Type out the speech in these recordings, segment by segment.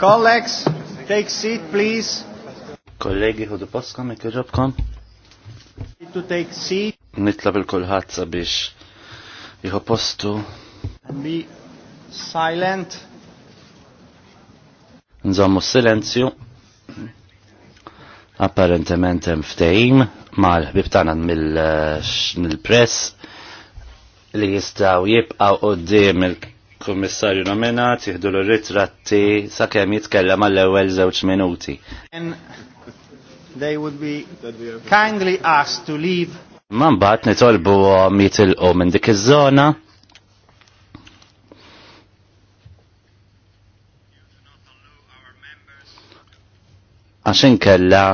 Colleagues, take seat, please. Kollegi, ħudu poskom, ikirrobkom. To take seat. Nitlab il-kulħat sabiex jħu postu. And be silent. Nżommu silenzju. Apparentement hemm ftehim mal-ħbib tagħna eh, mill-press li jistgħu jibqgħu qudiem il- kummissarju nominat tiħdu l-ritratti sakemm jitkellem għall-ewwel żewġ minuti. And they would be kindly asked to leave. Man bat nitolbu jitilqu minn dik iż-żona. Għaxin kella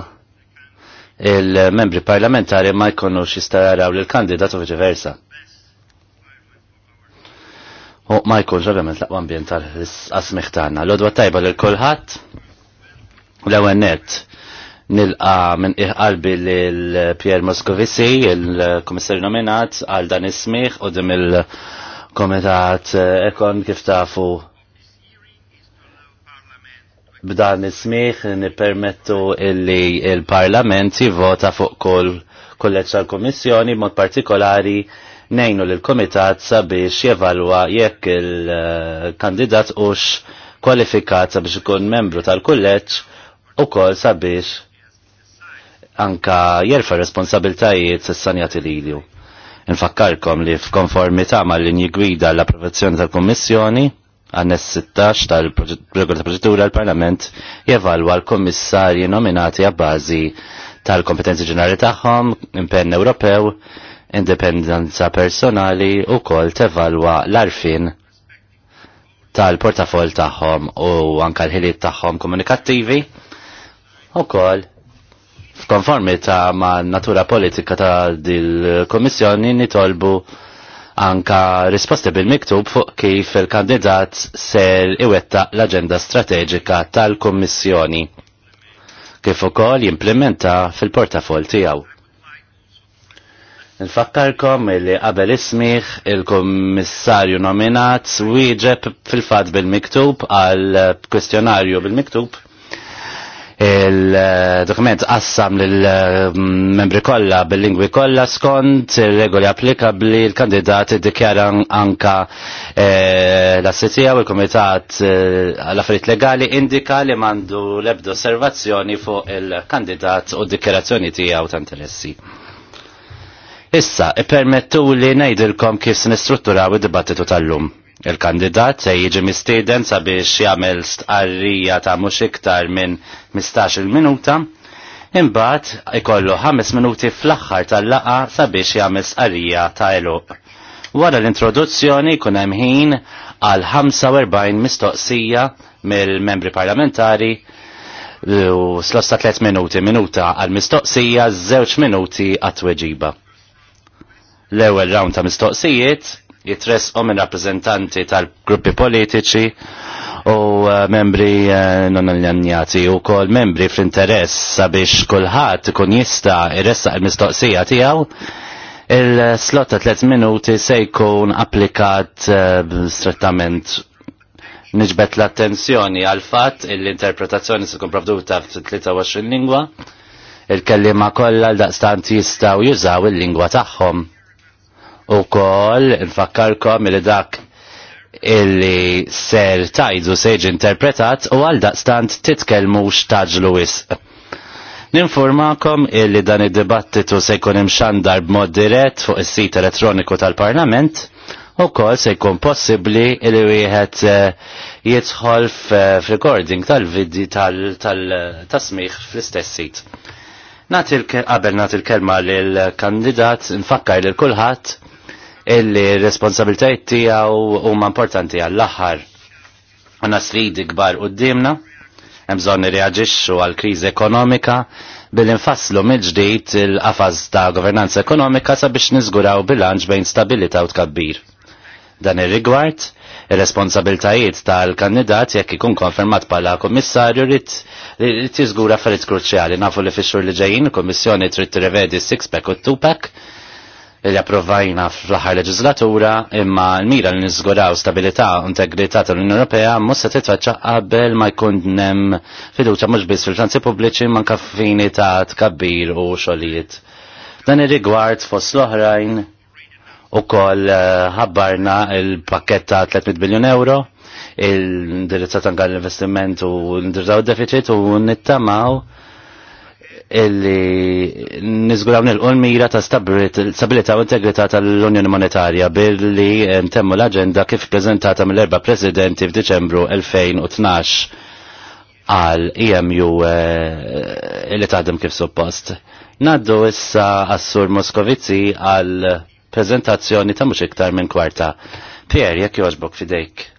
il-membri parlamentari ma jkunux jistaraw l-kandidat u viċi versa. U Michael ġovjament laqwa ambjent tal asmiħ tagħna. L-odwa tajba lil kulħadd l-ewwel nett nilqa minn qalbi lil pierre Moscovici, il-Kummissarju nominat għal dan is u dim il-Komitat Ekon eh, kif tafu b'dan is-smieħ nippermettu illi il-Parlament jivvota fuq kull kolleġġ tal-Kummissjoni mod partikolari nejnu l-komitat sabiex jevalwa jekk il-kandidat ux kwalifikat sabiex ikun membru tal-kulleġġ u kol sabiex anka jerfa responsabiltajiet s-sanjat il-ilju. Infakkarkom li f'konformità ma' l-linji gwida l-approvazzjoni tal-Kommissjoni, għannes 16 tal-regola ta' proċedura l-Parlament jevalwa l-kommissarji nominati għabbażi tal-kompetenzi ġenerali tagħhom, impenn Ewropew, indipendenza personali u kol tevalwa l-arfin tal-portafol tagħhom u anka l-ħiliet tagħhom komunikattivi u kol f'konformità ma' natura politika ta' dil-Komissjoni nitolbu anka risposti bil-miktub fuq kif il-kandidat ser iwetta l-agenda strateġika tal komissjoni kif ukoll jimplementa fil-portafol tiegħu. Nfakkarkom li qabel ismiħ il-kommissarju nominat wieġeb fil-fat bil-miktub għal kwestjonarju bil-miktub il-dokument qassam lill-membri kollha bil-lingwi kollha skont ir-regoli applikabbli l-kandidat iddikjara anka eh, l-assitija u l-Kumitat eh, għall-Affarijiet Legali indika li mandu l-ebda osservazzjoni fuq il-kandidat u d-dikjarazzjoni tiegħu ta' interessi. Issa, permettu li ngħidilkom kif nistrutturaw id-dibattitu tal-lum. Il-kandidat se jiġi mistieden sabiex jagħmel stqarrija ta' mhux iktar minn 15-il minuta, imbagħad ikollu 5 minuti fl-aħħar tal-laqa sabiex jagħmel stqarrija ta' eluq. Wara l-introduzzjoni kun hemm ħin għal 45 mistoqsija mill-membri parlamentari u slosta 3 minuti minuta għal mistoqsija, 0 minuti għat-tweġiba l-ewwel round ta' mistoqsijiet jitresqu minn rappresentanti tal-gruppi politiċi u uh, membri uh, non allanjati u kol membri fl-interess sabiex kulħadd ikun jista' jressaq il-mistoqsija tiegħu il-slot ta' 3 minuti se jkun applikat uh, strettament nġbet l-attenzjoni għal fatt l-interpretazzjoni se tkun provduta f-23 lingwa il-kellima kollha l-daqstant jistgħu jużaw il-lingwa tagħhom. U kol, nfakkarkom li dak illi ser tajdu seġ interpretat u għal daqstant titkelmu xtaġ wisq. Ninformakom illi dan id-dibattitu se jkun imxandar b'mod dirett fuq is-sit elettroniku tal-Parlament u kol se jkun possibbli illi wieħed eh, jidħol f'recording tal-vidi tal-tasmiħ fl-istess sit. Qabel nagħti l-kelma lill-kandidat nfakkar lil kulħadd illi responsabiltajt tiegħu huma importanti għall-aħħar. Għandna sfidi kbar qudiemna, hemm bżonn nirreaġixxu għall-kriżi ekonomika, bil-infasslu mill-ġdijt il-qafaz ta' governanza ekonomika sabiex nizguraw bilanċ bejn stabilita u tkabbir. Dan ir-rigward, ir-responsabiltajiet tal-kandidat jekk ikun konfermat pala komissarju rrit jiżgura affarijiet kruċjali nafu li fix li ġejjin il-Kummissjoni trid tirrevedi six pack u t-two pack li approvajna fl-aħħar leġislatura imma l-mira li niżguraw stabilità u integrità tal-Unjoni Ewropea mhux se titfaċċa qabel ma jkun hemm fiduċja mhux biss fil-finanzi pubbliċi ma kaffini ta' tkabbir u xogħlijiet. Dan ir-rigward fost l-oħrajn ukoll eh, ħabbarna il-pakket ta' 300 biljun euro il-indirizzat għal l-investiment u l-indirizzaw deficit u nittamaw illi nizguraw nil-qolmira ta' stabilita u integrità tal-Unjoni Monetarja billi eh, ntemmu l-agenda kif prezentata mill-erba presidenti f'Diċembru 2012 għal EMU eh, illi taħdem kif suppost. Naddu issa għassur Moskovizzi għal prezentazzjoni ta' mux iktar minn kwarta. Pier, jek joġbok fidejk.